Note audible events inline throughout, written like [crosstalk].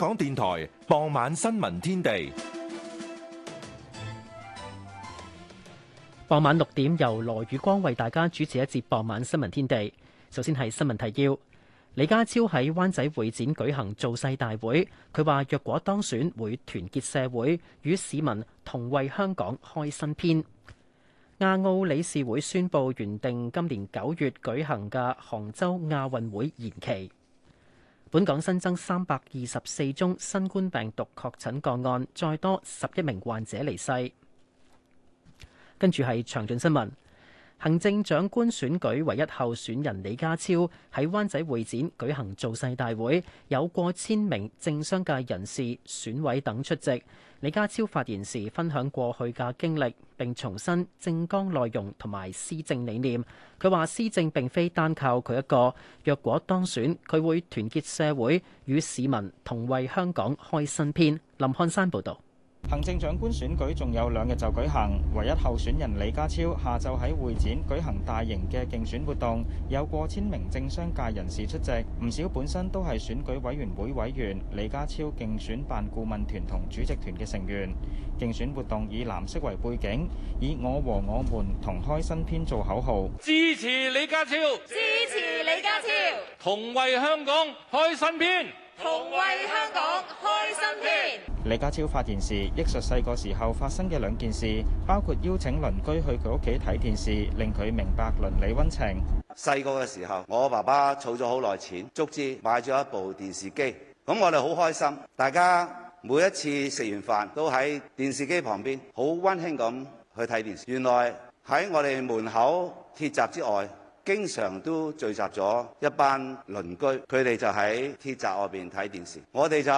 港電台傍晚新聞天地，傍晚六點由羅宇光為大家主持一節傍晚新聞天地。首先係新聞提要：李家超喺灣仔會展舉行造勢大會，佢話若果當選會團結社會與市民同為香港開新篇。亞奧理事會宣布原定今年九月舉行嘅杭州亞運會延期。本港新增三百二十四宗新冠病毒確診個案，再多十一名患者離世。跟住係詳盡新聞：行政長官選舉唯一候選人李家超喺灣仔會展舉行造勢大會，有過千名政商界人士、選委等出席。李家超發言時分享過去嘅經歷，並重申政綱內容同埋施政理念。佢話施政並非單靠佢一個，若果當選，佢會團結社會與市民，同為香港開新篇。林漢山報道。行政長官選舉仲有兩日就舉行，唯一候選人李家超下晝喺會展舉行大型嘅競選活動，有過千名政商界人士出席，唔少本身都係選舉委員會委員、李家超競選辦顧問團同主席團嘅成員。競選活動以藍色為背景，以「我和我們同開新篇」做口號，支持李家超，支持李家超，同為香港開新篇。同為香港開新篇。李家超發電視，憶述細個時候發生嘅兩件事，包括邀請鄰居去佢屋企睇電視，令佢明白鄰里温情。細個嘅時候，我爸爸儲咗好耐錢，足之買咗一部電視機。咁我哋好開心，大家每一次食完飯都喺電視機旁邊，好温馨咁去睇電視。原來喺我哋門口鐵閘之外，經常都聚集咗一班鄰居，佢哋就喺鐵閘外邊睇電視。我哋就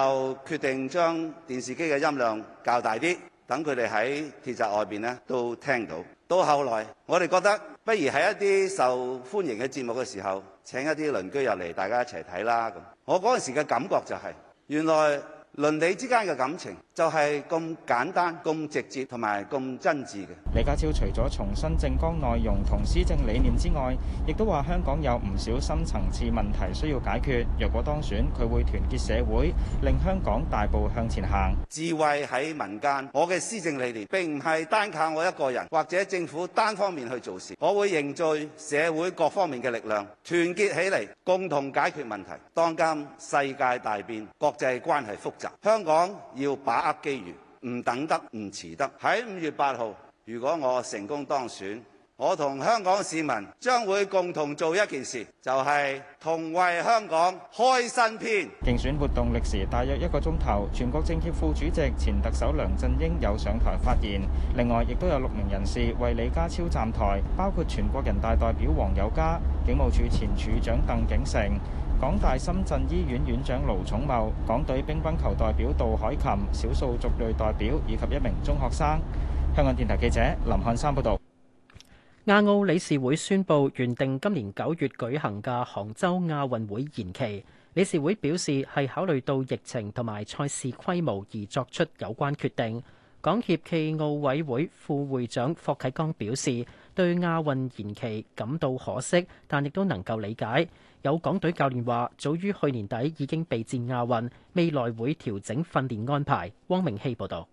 決定將電視機嘅音量較大啲，等佢哋喺鐵閘外邊咧都聽到。到後來，我哋覺得不如喺一啲受歡迎嘅節目嘅時候，請一啲鄰居入嚟，大家一齊睇啦。咁我嗰陣時嘅感覺就係原來。鄰里之間嘅感情就係、是、咁簡單、咁直接同埋咁真摯嘅。李家超除咗重申政綱內容同施政理念之外，亦都話香港有唔少深層次問題需要解決。若果當選，佢會團結社會，令香港大步向前行。智慧喺民間，我嘅施政理念並唔係單靠我一個人或者政府單方面去做事。我會凝聚社會各方面嘅力量，團結起嚟，共同解決問題。當今世界大變，國際關係複香港要把握機遇，唔等得，唔遲得。喺五月八號，如果我成功當選，我同香港市民將會共同做一件事，就係同為香港開新篇。競選活動歷時大約一個鐘頭，全國政協副主席前特首梁振英有上台發言，另外亦都有六名人士為李家超站台，包括全國人大代表黃友嘉、警務處前處長鄧景成。港大深圳醫院院長盧寵茂、港隊乒乓球代表杜凱琴、少數族裔代表以及一名中學生。香港電台記者林漢山報道。亞奧理事會宣佈，原定今年九月舉行嘅杭州亞運會延期。理事會表示，係考慮到疫情同埋賽事規模而作出有關決定。港協暨奧委會副會長霍啟剛表示，對亞運延期感到可惜，但亦都能夠理解。有港隊教練話，早於去年底已經備戰亞運，未來會調整訓練安排。汪明希報道。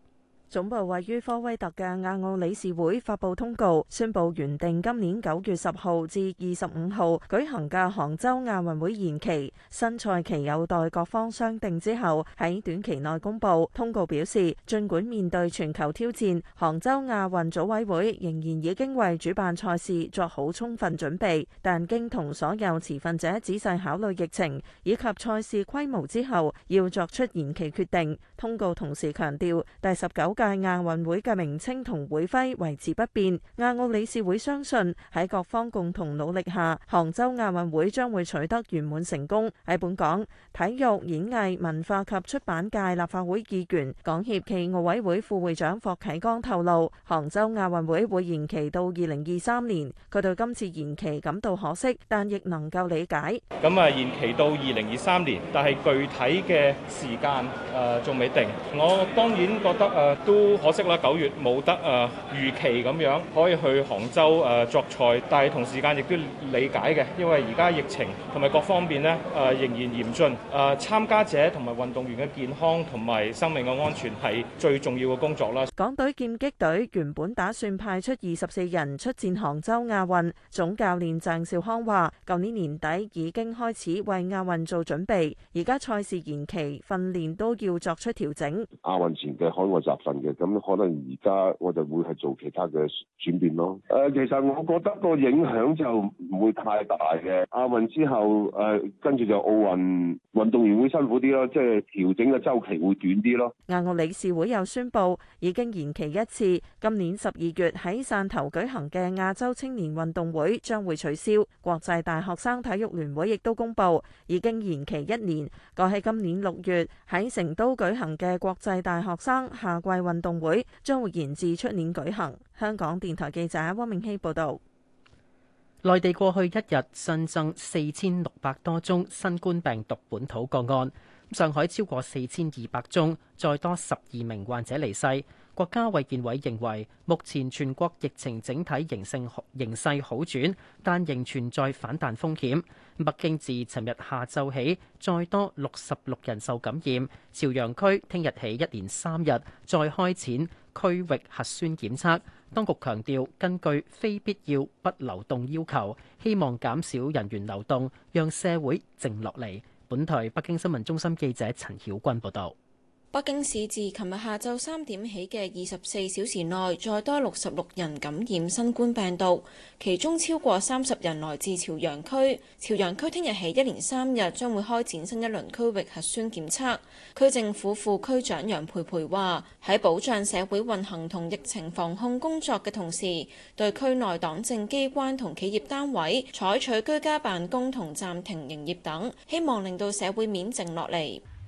總部位於科威特嘅亞奧理事會發布通告，宣布原定今年九月十號至二十五號舉行嘅杭州亞運會延期，新賽期有待各方商定之後喺短期內公布。通告表示，盡管面對全球挑戰，杭州亞運組委會仍然已經為主辦賽事作好充分準備，但經同所有持份者仔細考慮疫情以及賽事規模之後，要作出延期決定。通告同時強調，第十九。屆亞運會嘅名稱同會徽維持不變。亞奧理事會相信喺各方共同努力下，杭州亞運會將會取得圓滿成功。喺本港，體育、演藝、文化及出版界立法會議員、港協暨奧委會副會長霍啟剛透露，杭州亞運會會延期到二零二三年。佢對今次延期感到可惜，但亦能夠理解。咁啊，延期到二零二三年，但係具體嘅時間誒仲未定。我當然覺得誒。呃都可惜啦，九月冇得誒、呃、預期咁樣可以去杭州誒、呃、作賽，但係同時間亦都理解嘅，因為而家疫情同埋各方面呢誒、呃、仍然嚴峻誒，呃、參加者同埋運動員嘅健康同埋生命嘅安全係最重要嘅工作啦。港隊劍擊隊原本打算派出二十四人出戰杭州亞運，總教練鄭少康話舊年年底已經開始為亞運做準備，而家賽事延期，訓練都要作出調整。亞運前嘅海外集訓。咁可能而家我就會係做其他嘅轉變咯。誒，其實我覺得個影響就唔會太大嘅。亞運之後誒，跟住就奧運運動員會辛苦啲咯，即係調整嘅周期會短啲咯。亞奧理事會又宣布已經延期一次，今年十二月喺汕頭舉行嘅亞洲青年運動會將會取消。國際大學生體育聯會亦都公布已經延期一年，過去今年六月喺成都舉行嘅國際大學生夏季運運動會將會延至出年舉行。香港電台記者汪明熙報道，內地過去一日新增四千六百多宗新冠病毒本土個案，上海超過四千二百宗，再多十二名患者離世。國家衛健委認為，目前全國疫情整體形勢形勢好轉，但仍存在反彈風險。北京自尋日下晝起，再多六十六人受感染。朝陽區聽日起一連三日再開展區域核酸檢測。當局強調，根據非必要不流動要求，希望減少人員流動，讓社會靜落嚟。本台北京新聞中心記者陳曉君報道。北京市自琴日下晝三點起嘅二十四小時內，再多六十六人感染新冠病毒，其中超過三十人來自朝陽區。朝陽區聽日起一連三日將會開展新一輪區域核酸檢測。區政府副區長楊蓓蓓話：喺保障社會運行同疫情防控工作嘅同時，對區內黨政機關同企業單位採取居家辦公同暫停營業等，希望令到社會面靜落嚟。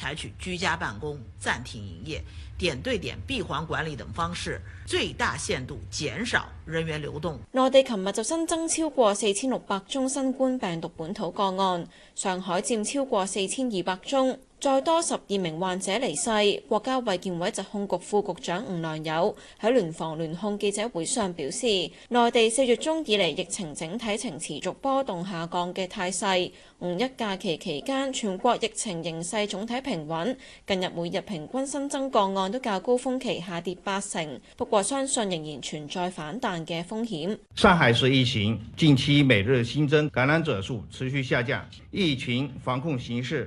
採取居家辦公、暫停營業、點對點閉環管理等方式，最大限度減少人員流動。內地琴日就新增超過四千六百宗新冠病毒本土個案，上海佔超過四千二百宗。再多十二名患者離世，國家衛健委疾控局副局長吳良友喺聯防聯控記者會上表示，內地四月中以嚟疫情整體呈持續波動下降嘅態勢，五一假期期間全國疫情形勢總體平穩，近日每日平均新增個案都較高峰期下跌八成，不過相信仍然存在反彈嘅風險，上海市疫情近期每日新增感染者數持續下降，疫情防控形勢。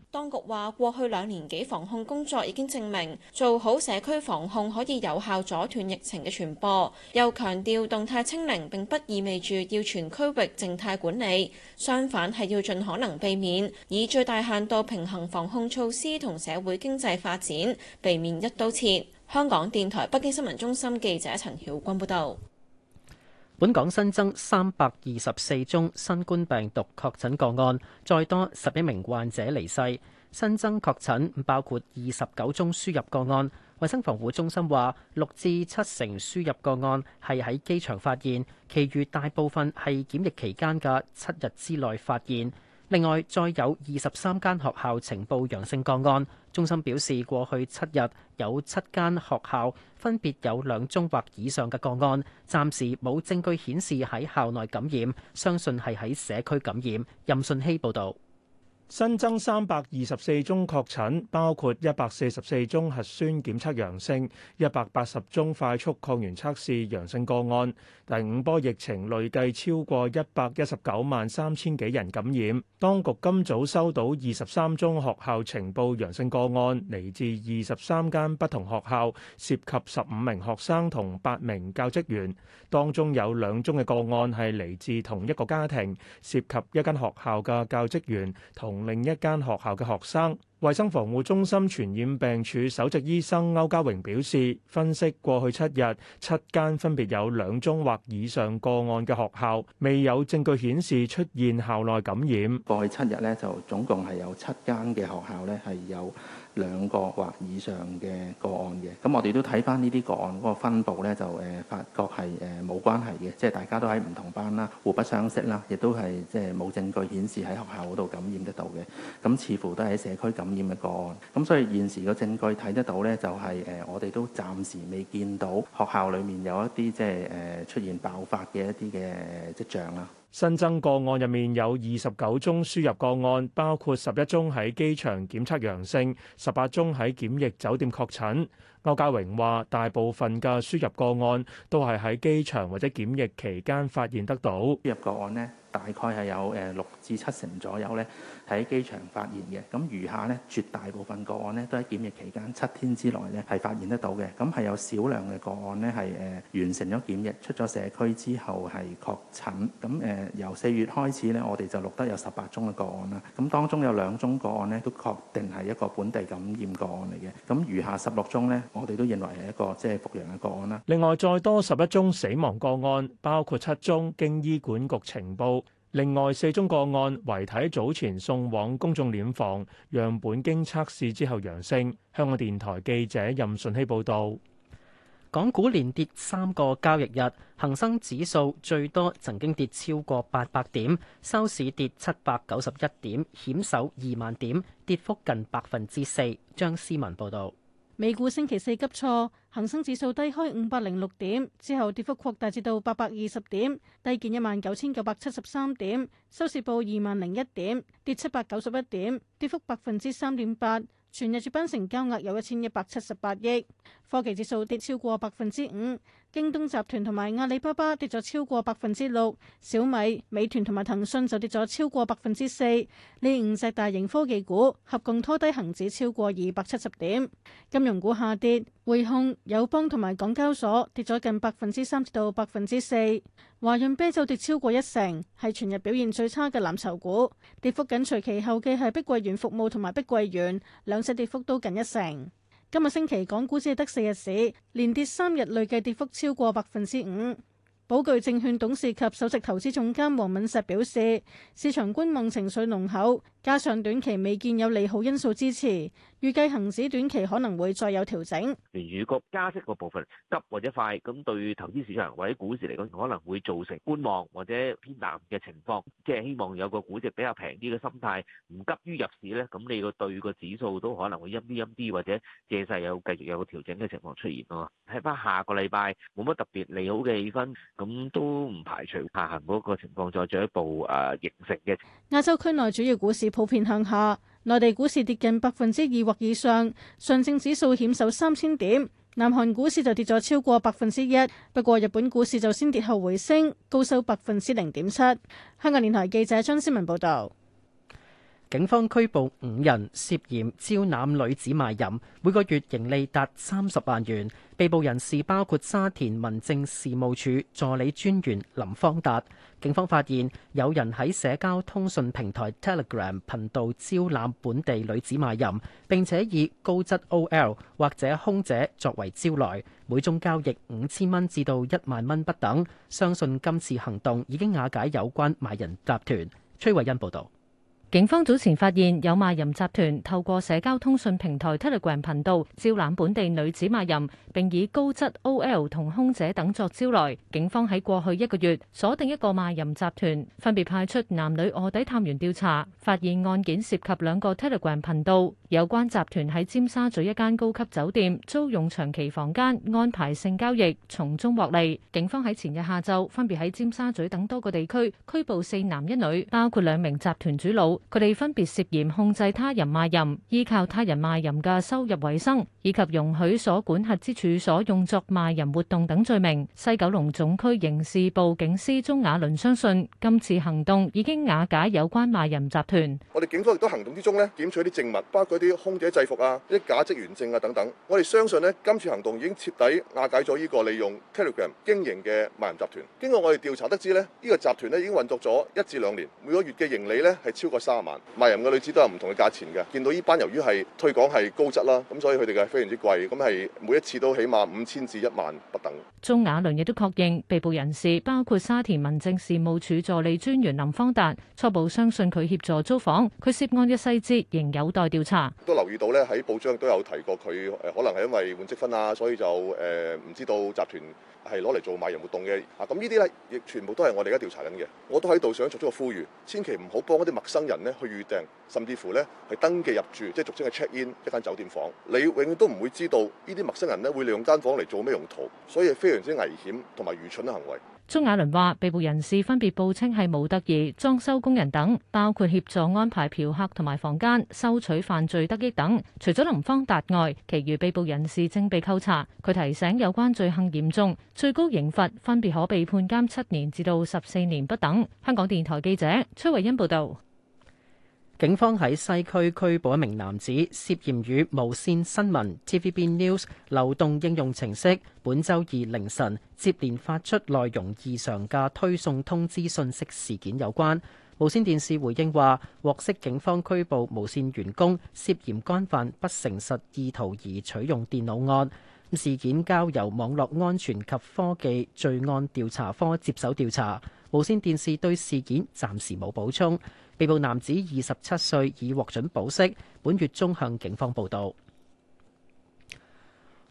當局話：過去兩年幾防控工作已經證明做好社區防控可以有效阻斷疫情嘅傳播，又強調動態清零並不意味住要全區域靜態管理，相反係要盡可能避免，以最大限度平衡防控措施同社會經濟發展，避免一刀切。香港電台北京新聞中心記者陳曉君報導。本港新增三百二十四宗新冠病毒確診個案，再多十一名患者離世。新增確診包括二十九宗輸入個案。衛生防護中心話，六至七成輸入個案係喺機場發現，其餘大部分係檢疫期間嘅七日之內發現。另外，再有二十三間學校呈報陽性個案。中心表示，過去七日有七間學校分別有兩宗或以上嘅個案，暫時冇證據顯示喺校內感染，相信係喺社區感染。任信希報導。新增三百二十四宗確診，包括一百四十四宗核酸檢測陽性，一百八十宗快速抗原測試陽性個案。第五波疫情累計超過一百一十九萬三千幾人感染。當局今早收到二十三宗學校情報陽性個案，嚟自二十三間不同學校，涉及十五名學生同八名教職員。當中有兩宗嘅個案係嚟自同一個家庭，涉及一間學校嘅教職員同。另一間學校嘅學生，衛生防護中心傳染病處首席醫生歐家榮表示，分析過去七日七間分別有兩宗或以上個案嘅學校，未有證據顯示出現校內感染。過去七日咧，就總共係有七間嘅學校咧，係有兩個或以上嘅個案嘅，咁我哋都睇返呢啲個案嗰個分佈呢，就誒、呃、發覺係誒冇關係嘅，即係大家都喺唔同班啦，互不相識啦，亦都係即係冇證據顯示喺學校嗰度感染得到嘅。咁似乎都係喺社區感染嘅個案。咁所以現時嘅證據睇得到呢，就係、是、誒、呃、我哋都暫時未見到學校裡面有一啲即係誒、呃、出現爆發嘅一啲嘅跡象啦。新增個案入面有二十九宗輸入個案，包括十一宗喺機場檢測陽性，十八宗喺檢疫酒店確診。歐家榮話：大部分嘅輸入個案都係喺機場或者檢疫期間發現得到。輸入個案呢，大概係有誒六至七成左右咧，喺機場發現嘅。咁餘下咧，絕大部分個案咧，都喺檢疫期間七天之內咧，係發現得到嘅。咁係有少量嘅個案咧，係誒完成咗檢疫，出咗社區之後係確診。咁誒，由四月開始咧，我哋就錄得有十八宗嘅個案啦。咁當中有兩宗個案咧，都確定係一個本地感染個案嚟嘅。咁餘下十六宗咧，我哋都認為係一個即係復陽嘅個案啦。另外，再多十一宗死亡個案，包括七宗經醫管局呈報。另外四宗個案遺體早前送往公眾殮房，樣本經測試之後陽性。香港電台記者任順希報導。港股連跌三個交易日，恒生指數最多曾經跌超過八百點，收市跌七百九十一點，險守二萬點，跌幅近百分之四。張思文報導。美股星期四急挫，恒生指數低開五百零六點，之後跌幅擴大至到八百二十點，低見一萬九千九百七十三點，收市報二萬零一點，跌七百九十一點，跌幅百分之三點八。全日主板成交額有一千一百七十八億，科技指數跌超過百分之五。京東集團同埋阿里巴巴跌咗超過百分之六，小米、美團同埋騰訊就跌咗超過百分之四，呢五隻大型科技股合共拖低恒指超過二百七十點。金融股下跌，匯控、友邦同埋港交所跌咗近百分之三至到百分之四。華潤啤酒跌超過一成，係全日表現最差嘅藍籌股。跌幅緊隨其後嘅係碧桂園服務同埋碧桂園，兩隻跌幅都近一成。今日星期，港股只係得四日市，連跌三日，累計跌幅超過百分之五。寶鉅證券董事及首席投資總監黃敏石表示，市場觀望情緒濃厚。加上短期未見有利好因素支持，預計恆指短期可能會再有調整。聯儲局加息個部分急或者快，咁對投資市場或者股市嚟講，可能會造成觀望或者偏淡嘅情況。即係希望有個估值比較平啲嘅心態，唔急於入市咧。咁你個對個指數都可能會陰啲陰啲，或者借勢有繼續有個調整嘅情況出現咯。睇翻下個禮拜冇乜特別利好嘅氣氛，咁都唔排除下行嗰個情況再進一步誒形成嘅。亞洲區內主要股市，普遍向下，內地股市跌近百分之二或以上，上證指數險守三千點，南韓股市就跌咗超過百分之一。不過日本股市就先跌後回升，高收百分之零點七。香港電台記者張思文報道。警方拘捕五人涉嫌招攬女子賣淫，每個月盈利達三十萬元。被捕人士包括沙田民政事務處助理專員林方達。警方發現有人喺社交通訊平台 Telegram 頻道招攬本地女子賣淫，並且以高質 OL 或者空姐作為招徠，每宗交易五千蚊至到一萬蚊不等。相信今次行動已經瓦解有關賣淫集團。崔慧欣報道。警方早前發現有賣淫集團透過社交通訊平台 Telegram 頻道招攬本地女子賣淫，並以高質 OL 同空姐等作招來。警方喺過去一個月鎖定一個賣淫集團，分別派出男女臥底探員調查，發現案件涉及兩個 Telegram 頻道。有關集團喺尖沙咀一間高級酒店租用長期房間安排性交易，從中獲利。警方喺前日下晝分別喺尖沙咀等多個地區拘捕四男一女，包括兩名集團主腦。佢哋分別涉嫌控制他人賣淫、依靠他人賣淫嘅收入為生，以及容許所管轄之處所用作賣淫活動等罪名。西九龍總區刑事部警司鍾雅倫相信，今次行動已經瓦解有關賣淫集團。我哋警方亦都行動之中咧，檢取啲證物，包括。啲空姐制服啊，一假職員證啊等等，我哋相信呢，今次行動已經徹底瓦解咗呢個利用 Telegram 經營嘅賣淫集團。經過我哋調查得知呢，呢個集團呢已經運作咗一至兩年，每個月嘅盈利呢係超過三萬。賣淫嘅女子都有唔同嘅價錢嘅，見到呢班由於係推廣係高質啦，咁所以佢哋嘅係非常之貴，咁係每一次都起碼五千至一萬不等。中亞倫亦都確認被捕人士包括沙田民政事務處助理專員林方達，初步相信佢協助租房，佢涉案嘅細節仍有待調查。都留意到呢，喺報章都有提過佢誒，可能係因為換積分啊，所以就誒唔、呃、知道集團係攞嚟做賣淫活動嘅啊。咁呢啲呢，亦全部都係我哋而家調查緊嘅。我都喺度想作出個呼籲，千祈唔好幫一啲陌生人呢去預訂，甚至乎呢係登記入住，即係俗稱嘅 check in 一間酒店房。你永遠都唔會知道呢啲陌生人咧會利用間房嚟做咩用途，所以非常之危險同埋愚蠢嘅行為。鍾雅倫話：被捕人士分別報稱係模特兒、裝修工人等，包括協助安排嫖客同埋房間、收取犯罪得益等。除咗林方達外，其餘被捕人士正被扣查。佢提醒有關罪行嚴重，最高刑罰分別可被判監七年至到十四年不等。香港電台記者崔惠恩報道。警方喺西區拘捕一名男子，涉嫌與無線新聞 （TVB News） 流動應用程式本週二凌晨接連發出內容異常嘅推送通知信息事件有關。無線電視回應話，獲悉警方拘捕無線員工，涉嫌干犯不誠實意圖而取用電腦案。事件交由網絡安全及科技罪案調查科接手調查。無線電視對事件暫時冇補充。被捕男子二十七歲已獲准保釋，本月中向警方報道。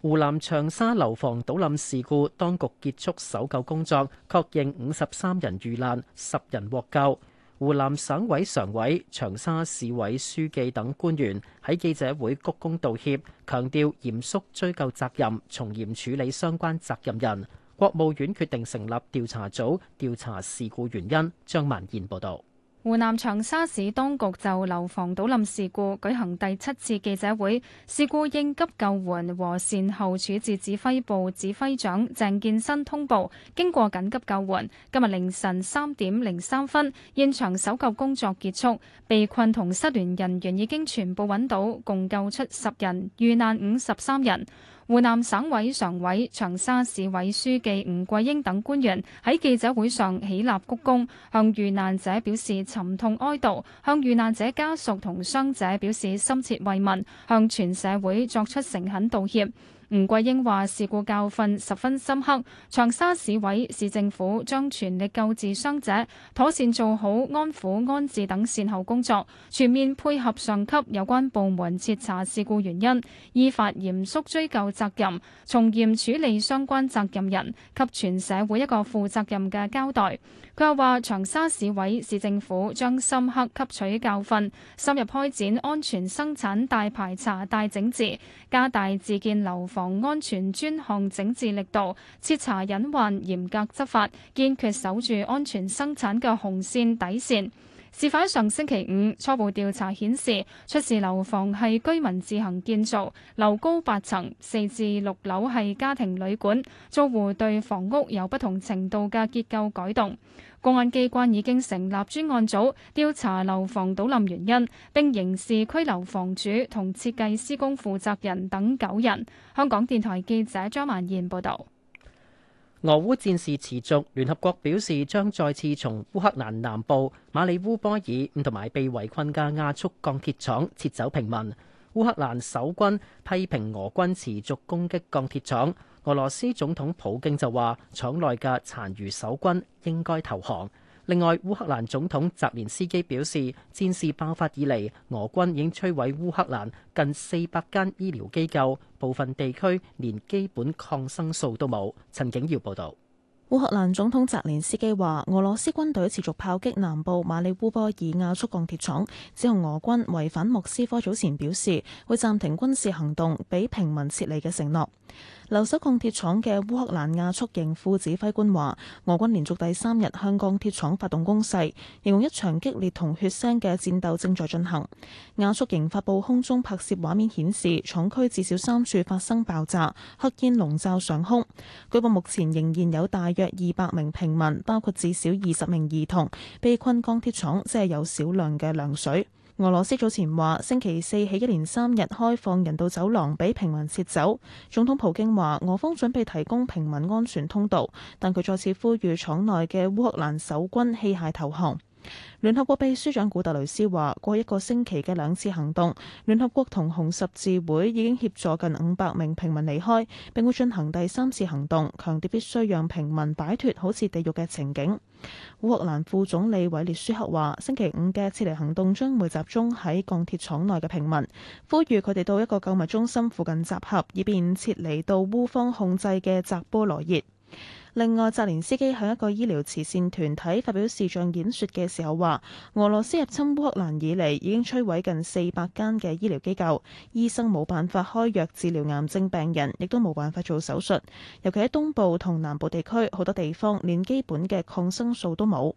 湖南長沙樓房倒冧事故，當局結束搜救工作，確認五十三人遇難，十人獲救。湖南省委常委、長沙市委書記等官員喺記者會鞠躬道歉，強調嚴肅追究責任，從嚴處理相關責任人。國務院決定成立調查組調查事故原因。張萬燕報道。湖南長沙市當局就樓房倒冧事故舉行第七次記者會，事故應急救援和善後處置指揮部指揮長鄭建新通報：經過緊急救援，今日凌晨三點零三分，現場搜救工作結束，被困同失聯人員已經全部揾到，共救出十人，遇難五十三人。湖南省委常委、長沙市委書記吳桂英等官員喺記者會上起立鞠躬，向遇難者表示沉痛哀悼，向遇難者家屬同傷者表示深切慰問，向全社會作出誠懇道歉。吳桂英話：事故教訓十分深刻，長沙市委、市政府將全力救治傷者，妥善做好安撫安置等善後工作，全面配合上級有關部門徹查事故原因，依法嚴肅追究責任，從嚴處理相關責任人，給全社會一個負責任嘅交代。佢又話：長沙市委、市政府將深刻吸取教訓，深入開展安全生產大排查、大整治，加大自建樓房。防安全專項整治力度，徹查隱患，嚴格執法，堅決守住安全生產嘅紅線底線。事發上星期五，初步調查顯示出事樓房係居民自行建造，樓高八層，四至六樓係家庭旅館租戶，對房屋有不同程度嘅結構改動。公安機關已經成立專案組調查樓房倒冧原因，並刑事拘留房主同設計施工負責人等九人。香港電台記者張曼燕報導。俄烏戰事持續，聯合國表示將再次從烏克蘭南部馬里烏波爾同埋被圍困嘅亞速鋼鐵廠撤走平民。烏克蘭守軍批評俄軍持續攻擊鋼鐵廠，俄羅斯總統普京就話：廠內嘅殘餘守軍應該投降。另外，烏克蘭總統澤連斯基表示，戰事爆發以嚟，俄軍已經摧毀烏，烏克蘭近四百間醫療機構，部分地區連基本抗生素都冇。陳景耀報導。烏克蘭總統澤連斯基話，俄羅斯軍隊持續炮擊南部馬里烏波爾亞速鋼鐵廠，指控俄軍違反莫斯科早前表示會暫停軍事行動、俾平民撤離嘅承諾。留守鋼鐵廠嘅烏克蘭亞速營副指揮官話：俄軍連續第三日向鋼鐵廠發動攻勢，形容一場激烈同血腥嘅戰鬥正在進行。亞速營發布空中拍攝畫面顯示，廠區至少三處發生爆炸，黑煙籠罩上空。據報目前仍然有大約二百名平民，包括至少二十名兒童，被困鋼鐵廠，只係有少量嘅糧水。俄羅斯早前話，星期四起一連三日開放人道走廊俾平民撤走。總統普京話，俄方準備提供平民安全通道，但佢再次呼籲廠內嘅烏克蘭守軍棄械投降。聯合國秘書長古特雷斯話：過去一個星期嘅兩次行動，聯合國同紅十字會已經協助近五百名平民離開，並會進行第三次行動，強調必須讓平民擺脱好似地獄嘅情景。烏克蘭副總理韋列舒克話：星期五嘅撤離行動將會集中喺鋼鐵廠內嘅平民，呼籲佢哋到一個購物中心附近集合，以便撤離到烏方控制嘅扎波羅熱。另外，澤連斯基向一個醫療慈善團體發表視像演說嘅時候話：俄羅斯入侵烏克蘭以嚟，已經摧毀近四百間嘅醫療機構，醫生冇辦法開藥治療癌症病人，亦都冇辦法做手術。尤其喺東部同南部地區，好多地方連基本嘅抗生素都冇。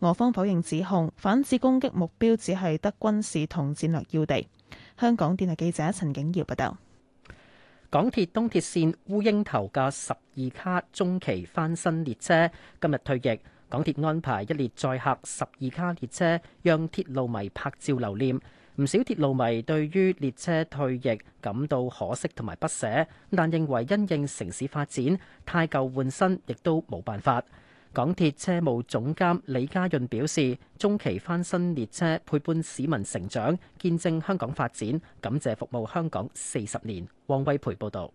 俄方否認指控，反制攻擊目標只係得軍事同戰略要地。香港電台記者陳景耀報道。港鐵東鐵線烏英頭嘅十二卡中期翻新列車今日退役，港鐵安排一列載客十二卡列車，讓鐵路迷拍照留念。唔少鐵路迷對於列車退役感到可惜同埋不捨，但認為因應城市發展，太舊換新亦都冇辦法。港鐵車務總監李家潤表示：中期翻新列車陪伴市民成長，見證香港發展，感謝服務香港四十年。黃威培報導。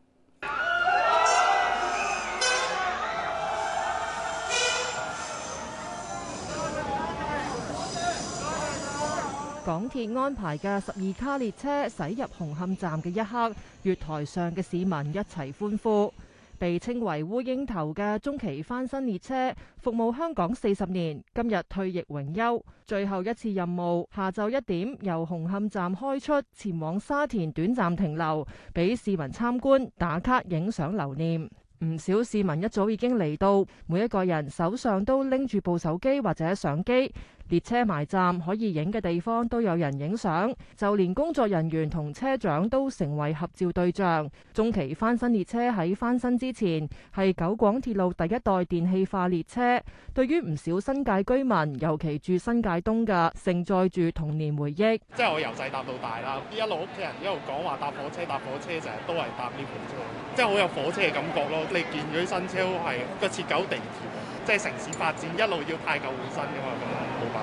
港鐵安排嘅十二卡列車駛入紅磡站嘅一刻，月台上嘅市民一齊歡呼。被稱為烏蠅頭嘅中期翻新列車，服務香港四十年，今日退役榮休，最後一次任務，下晝一點由紅磡站開出，前往沙田短暫停留，俾市民參觀打卡影相留念。唔少市民一早已經嚟到，每一個人手上都拎住部手機或者相機。列車埋站可以影嘅地方都有人影相，就連工作人員同車長都成為合照對象。中期翻新列車喺翻新之前係九廣鐵路第一代電氣化列車，對於唔少新界居民，尤其住新界東嘅，盛載住童年回憶。即係我由細搭到大啦，一路屋企人一路講話搭火車搭火車，成日都係搭呢部車，常常即係好有火車嘅感覺咯。你見佢新車都係個似九地鐵，即係城市發展一路要汰舊換新噶嘛，咁啊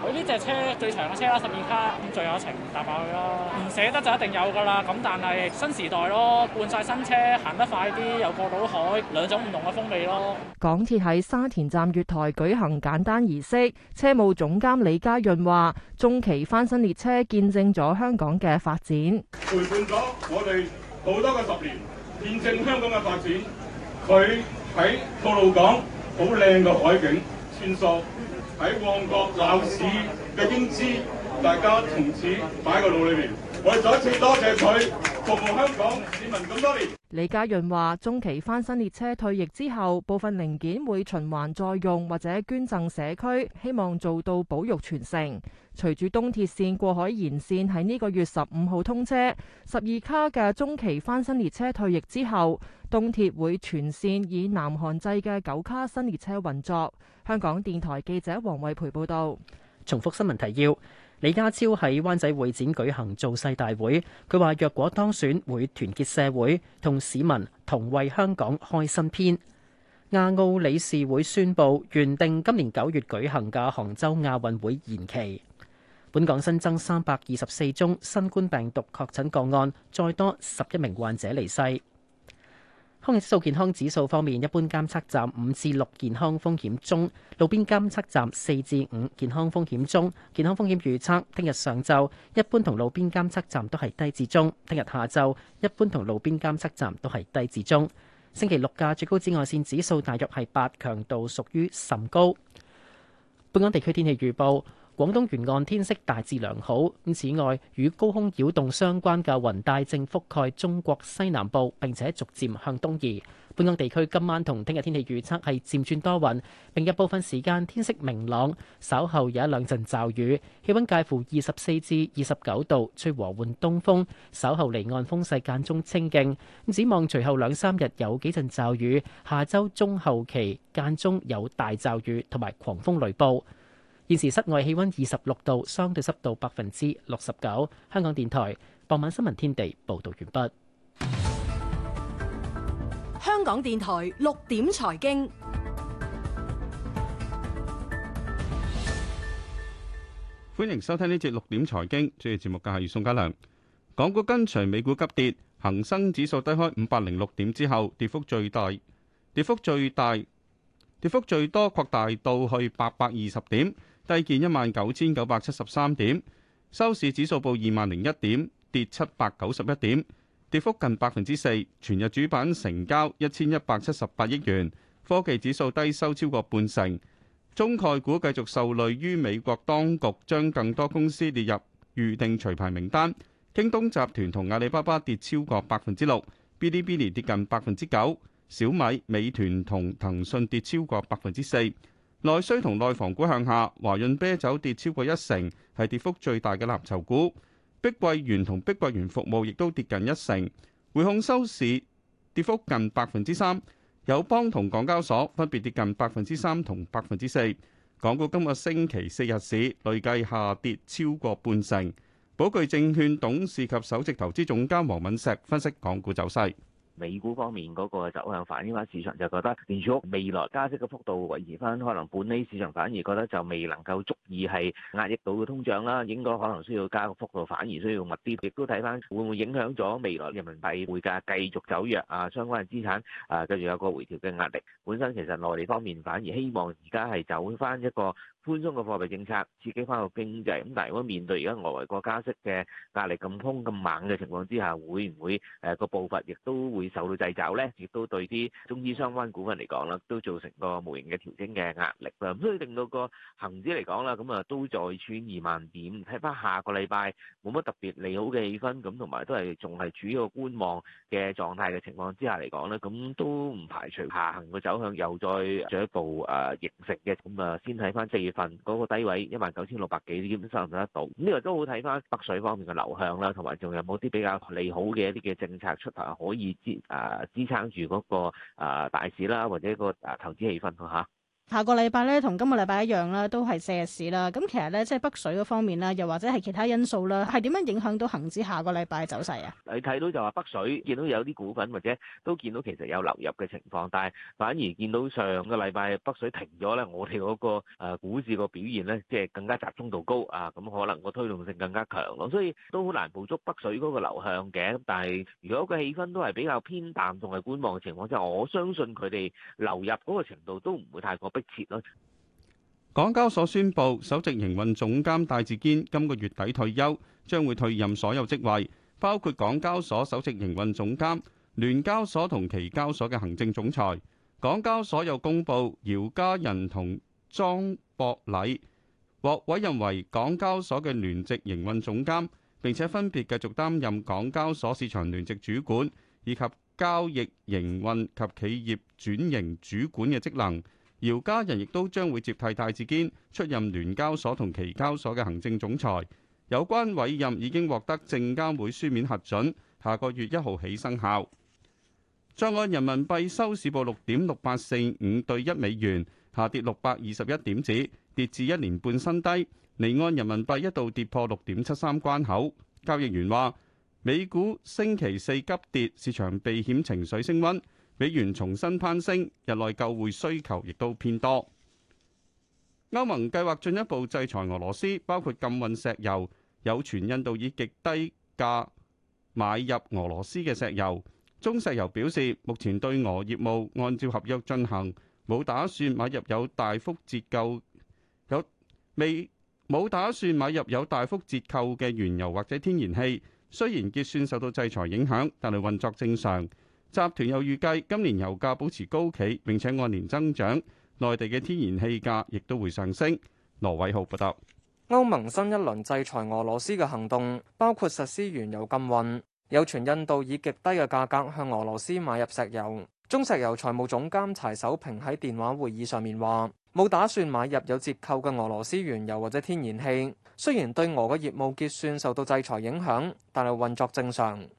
我呢隻車最長嘅車啦，十二卡，咁最有情，搭埋去咯。唔捨得就一定有噶啦。咁但係新時代咯，換晒新車，行得快啲，又過到海，兩種唔同嘅風味咯。港鐵喺沙田站月台舉行簡單儀式，車務總監李家潤話：中期翻新列車，見證咗香港嘅發展，陪伴咗我哋好多個十年，見證香港嘅發展。佢喺吐露港好靚嘅海景穿梭。喺旺角鬧市嘅英姿，大家從此擺喺個腦裏面。我哋再一次多謝佢服務香港市民咁多年。李家潤話：中期翻新列車退役之後，部分零件會循環再用或者捐贈社區，希望做到保育全城。隨住東鐵線過海延線喺呢個月十五號通車，十二卡嘅中期翻新列車退役之後，東鐵會全線以南韓製嘅九卡新列車運作。香港電台記者黃慧培報導。重複新聞提要：李家超喺灣仔會展舉行造勢大會，佢話若果當選，會團結社會同市民，同為香港開新篇。亞奧理事會宣布原定今年九月舉行嘅杭州亞運會延期。本港新增三百二十四宗新冠病毒確診個案，再多十一名患者離世。空氣質素健康指數方面，一般監測站五至六健康風險中，路邊監測站四至五健康風險中。健康風險預測：聽日上晝一般同路邊監測站都係低至中；聽日下晝一般同路邊監測站都係低至中。星期六嘅最高紫外線指數大約係八，強度屬於甚高。本港地區天氣預報。廣東沿岸天色大致良好。此外，與高空擾動相關嘅雲帶正覆蓋中國西南部，並且逐漸向東移。本港地區今晚同聽日天氣預測係漸轉多雲，並部分時間天色明朗。稍後有一兩陣驟雨，氣温介乎二十四至二十九度，吹和緩東風。稍後離岸風勢間中清勁。展望隨後兩三日有幾陣驟雨，下周中後期間中有大驟雨同埋狂風雷暴。現時室外氣溫二十六度，相對濕度百分之六十九。香港電台傍晚新聞天地報道完畢。香港電台六點財經，歡迎收聽呢節六點財經。主持節目嘅係宋家良。港股跟隨美股急跌，恒生指數低開五百零六點之後，跌幅最大，跌幅最大，跌幅最多擴大到去八百二十點。低見一萬九千九百七十三點，收市指數報二萬零一點，跌七百九十一點，跌幅近百分之四。全日主板成交一千一百七十八億元，科技指數低收超過半成，中概股繼續受累於美國當局將更多公司列入預定除牌名單。京東集團同阿里巴巴跌超過百分之六，Bilibili 跌近百分之九，小米、美團同騰訊跌超過百分之四。內需同內房股向下，華潤啤酒跌超過一成，係跌幅最大嘅藍籌股。碧桂園同碧桂園服務亦都跌近一成。匯控收市跌幅近百分之三，友邦同港交所分別跌近百分之三同百分之四。港股今個星期四日市累計下跌超過半成。寶鉅證券董事及首席投資總監黃敏碩分析港股走勢。美股方面嗰個走向反映翻市場就覺得，連住未來加息嘅幅度，維持翻可能本地市場反而覺得就未能夠足以係壓抑到嘅通脹啦，應該可能需要加個幅度反而需要密啲，亦都睇翻會唔會影響咗未來人民幣匯價繼續走弱啊，相關嘅資產啊，繼續有個回調嘅壓力。本身其實內地方面反而希望而家係走翻一個寬鬆嘅貨幣政策刺激翻個經濟，咁但係如果面對而家外圍國家息嘅壓力咁兇咁猛嘅情況之下，會唔會誒個步伐亦都會受到掣肘咧？亦都對啲中資相關股份嚟講啦，都造成個無形嘅調整嘅壓力啦。咁所以令到個恆指嚟講啦，咁啊都再穿二萬點，睇翻下個禮拜冇乜特別利好嘅氣氛，咁同埋都係仲係處於一個觀望嘅狀態嘅情況之下嚟講咧，咁都唔排除下行嘅走向又再進一步誒形成嘅，咁啊先睇翻四月。份嗰個低位一萬九千六百幾，基本上收唔得到。呢個都好睇翻北水方面嘅流向啦，同埋仲有冇啲比較利好嘅一啲嘅政策出台，可以支啊支撐住嗰、嗰個啊大市啦，或者個啊投資氣氛咯、啊下個禮拜咧，同今個禮拜一樣啦，都係四日市啦。咁其實咧，即係北水嗰方面啦，又或者係其他因素啦，係點樣影響到恒指下個禮拜嘅走勢啊？你睇到就話北水，見到有啲股份或者都見到其實有流入嘅情況，但係反而見到上個禮拜北水停咗咧，我哋嗰、嗰個、呃、股市個表現咧，即係更加集中度高啊，咁可能個推動性更加強咯，所以都好難捕捉北水嗰個流向嘅。但係如果個氣氛都係比較偏淡，同埋觀望嘅情況之下，我相信佢哋流入嗰個程度都唔會太過。佢撤咯。港交所宣布首席營運總監戴志堅今個月底退休，將會退任所有職位，包括港交所首席營運總監、聯交所同期交所嘅行政總裁。港交所又公布，姚嘉仁同莊博禮獲委任為港交所嘅聯席營運總監，並且分別繼續擔任港交所市場聯席主管以及交易營運及企業轉型主管嘅職能。姚嘉仁亦都將會接替戴志堅出任聯交所同期交所嘅行政總裁，有關委任已經獲得證監會書面核准，下個月一號起生效。在岸人民幣收市報六點六八四五對一美元，下跌六百二十一點子，跌至一年半新低。離岸人民幣一度跌破六點七三關口。交易員話：美股星期四急跌，市場避險情緒升温。美元重新攀升，日內購匯需求亦都偏多。歐盟計劃進一步制裁俄羅斯，包括禁運石油。有傳印度以極低價買入俄羅斯嘅石油。中石油表示，目前對俄業務按照合約進行，冇打算買入有大幅折扣，有未冇打算買入有大幅折扣嘅原油或者天然氣。雖然結算受到制裁影響，但係運作正常。集團又預計今年油價保持高企，並且按年增長。內地嘅天然氣價亦都會上升。羅偉浩報道，歐盟新一輪制裁俄羅斯嘅行動包括實施原油禁運。有傳印度以極低嘅價格向俄羅斯買入石油。中石油財務總監柴守平喺電話會議上面話：冇打算買入有折扣嘅俄羅斯原油或者天然氣。雖然對俄嘅業務結算受到制裁影響，但係運作正常。 [music]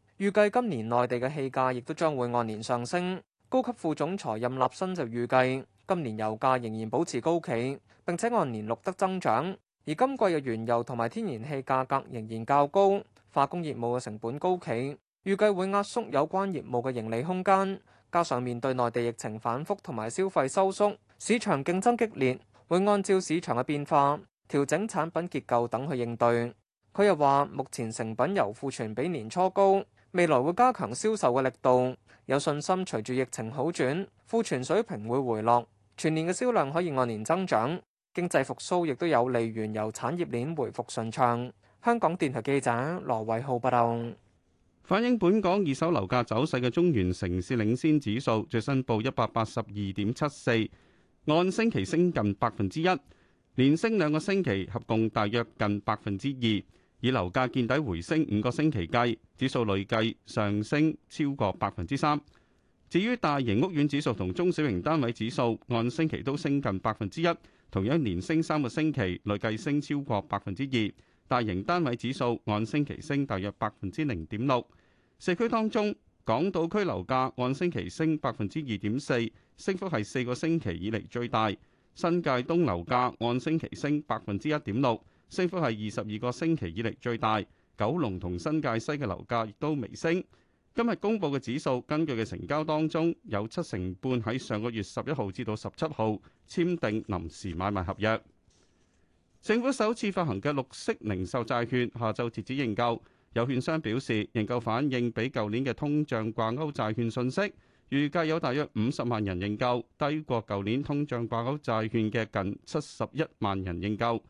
預計今年內地嘅氣價亦都將會按年上升。高級副總裁任立新就預計今年油價仍然保持高企，並且按年錄得增長。而今季嘅原油同埋天然氣價格仍然較高，化工業務嘅成本高企，預計會壓縮有關業務嘅盈利空間。加上面對內地疫情反覆同埋消費收縮，市場競爭激烈，會按照市場嘅變化調整產品結構等去應對。佢又話：目前成品油庫存比年初高。未來會加強銷售嘅力度，有信心隨住疫情好轉，庫存水平會回落，全年嘅銷量可以按年增長。經濟復甦亦都有利原油產業鏈回復順暢。香港電台記者羅偉浩報道。反映本港二手樓價走勢嘅中原城市領先指數最新報一百八十二點七四，按星期升近百分之一，連升兩個星期，合共大約近百分之二。以樓價見底回升五個星期計，指數累計上升超過百分之三。至於大型屋苑指數同中小型單位指數，按星期都升近百分之一，同樣連升三個星期，累計升超過百分之二。大型單位指數按星期升大約百分之零點六。四區當中，港島區樓價按星期升百分之二點四，升幅係四個星期以嚟最大。新界東樓價按星期升百分之一點六。升幅係二十二個星期以嚟最大，九龍同新界西嘅樓價亦都微升。今日公布嘅指數，根據嘅成交當中，有七成半喺上個月十一號至到十七號簽訂臨時買賣合約。政府首次發行嘅綠色零售債券，下晝截止認購。有券商表示，認購反應比舊年嘅通脹掛鈎債券信息預計有大約五十萬人認購，低過舊年通脹掛鈎債券嘅近七十一萬人認購。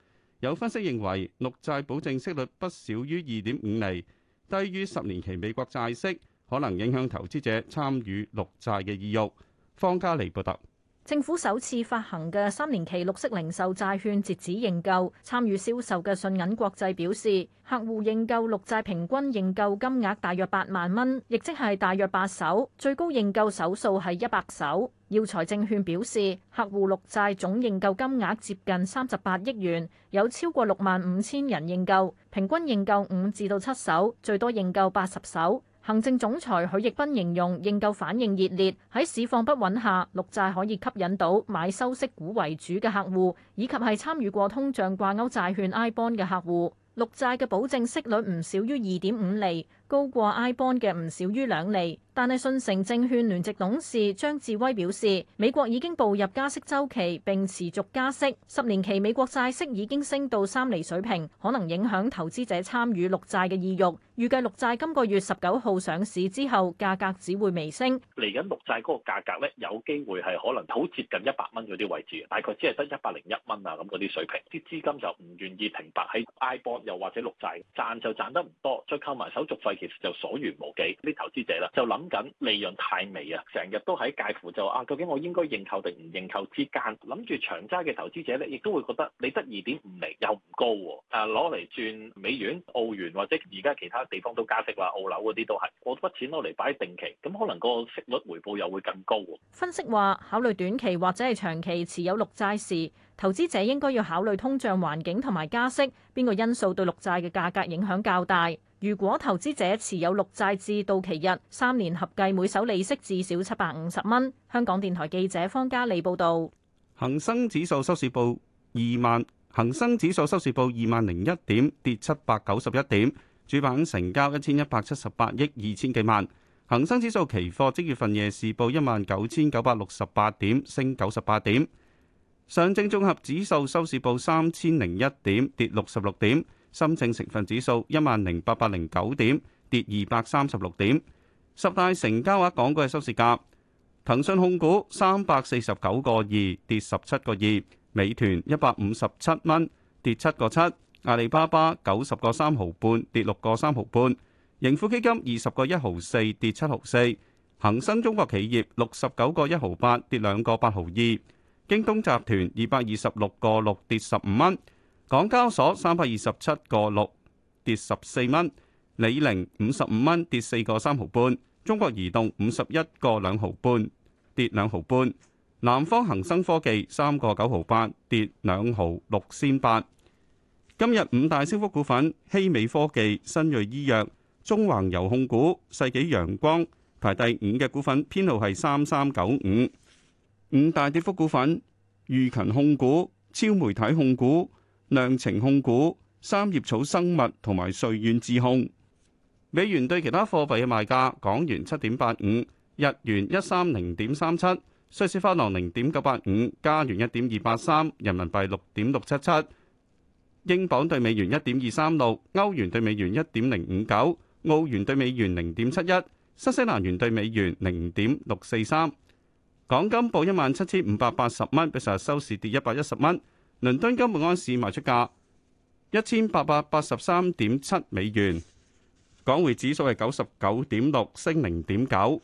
有分析認為，綠債保證息率不少於二點五厘，低於十年期美國債息，可能影響投資者參與綠債嘅意欲。方家莉報道。政府首次發行嘅三年期綠色零售債券截止認購。參與銷售嘅信銀國際表示，客戶認購綠債平均認購金額大約八萬蚊，亦即係大約八手，最高認購手數係一百手。耀才證券表示，客戶綠債總認購金額接近三十八億元，有超過六萬五千人認購，平均認購五至到七手，最多認購八十手。行政總裁許逸斌形容認購反應熱烈，喺市況不穩下，綠債可以吸引到買收息股為主嘅客戶，以及係參與過通脹掛鈎債券 iBond 嘅客戶。綠債嘅保證息率唔少於二點五厘。高過 iBond 嘅唔少於兩厘。但係信誠證券聯席董事張智威表示，美國已經步入加息周期並持續加息，十年期美國債息已經升到三厘水平，可能影響投資者參與綠債嘅意欲。預計綠債今個月十九號上市之後，價格只會微升。嚟緊綠債嗰個價格呢，有機會係可能好接近一百蚊嗰啲位置，大概只係得一百零一蚊啊咁嗰啲水平。啲資金就唔願意停泊喺 iBond 又或者綠債賺就賺得唔多，再扣埋手續費。其實就所餘無幾，啲投資者咧就諗緊利潤太微啊，成日都喺介乎就啊，究竟我應該認購定唔認購之間，諗住長揸嘅投資者咧，亦都會覺得你得二點五厘又唔高喎，攞嚟轉美元、澳元或者而家其他地方都加息啦，澳樓嗰啲都係我筆錢攞嚟擺定期，咁可能個息率回報又會更高喎。分析話，考慮短期或者係長期持有綠債時，投資者應該要考慮通脹環境同埋加息邊個因素對綠債嘅價格影響較大。 [music] 如果投資者持有綠債至到期日，三年合計每手利息至少七百五十蚊。香港電台記者方嘉利報導。恒生指數收市報二萬，恒生指數收市報二萬零一點，跌七百九十一點。主板成交一千一百七十八億二千幾萬。恒生指數期貨即月份夜市報一萬九千九百六十八點，升九十八點。上證綜合指數收市報三千零一點，跌六十六點。深證成分指數一萬零八百零九點，跌二百三十六點。十大成交額港股嘅收市價：騰訊控股三百四十九個二，跌十七個二；美團一百五十七蚊，跌七個七；阿里巴巴九十個三毫半，跌六個三毫半；盈富基金二十個一毫四，跌七毫四；恒生中國企業六十九個一毫八，跌兩個八毫二；京東集團二百二十六個六，跌十五蚊。港交所三百二十七個六跌十四蚊，李寧五十五蚊跌四個三毫半，中國移動五十一個兩毫半跌兩毫半，南方恒生科技三個九毫八跌兩毫六仙八。今日五大升幅股份：希美科技、新銳醫藥、中環油控股、世紀陽光。排第五嘅股份編號係三三九五。五大跌幅股份：裕勤控股、超媒體控股。量情控股、三葉草生物同埋瑞遠智控。美元對其他貨幣嘅賣價：港元七點八五，日元一三零點三七，瑞士法郎零點九八五，加元一點二八三，人民幣六點六七七，英鎊對美元一點二三六，歐元對美元一點零五九，澳元對美元零點七一，新西蘭元對美元零點六四三。港金報一萬七千五百八十蚊，比上日收市跌一百一十蚊。倫敦金每盎司賣出價一千八百八十三點七美元，港匯指數係九十九點六，升零點九。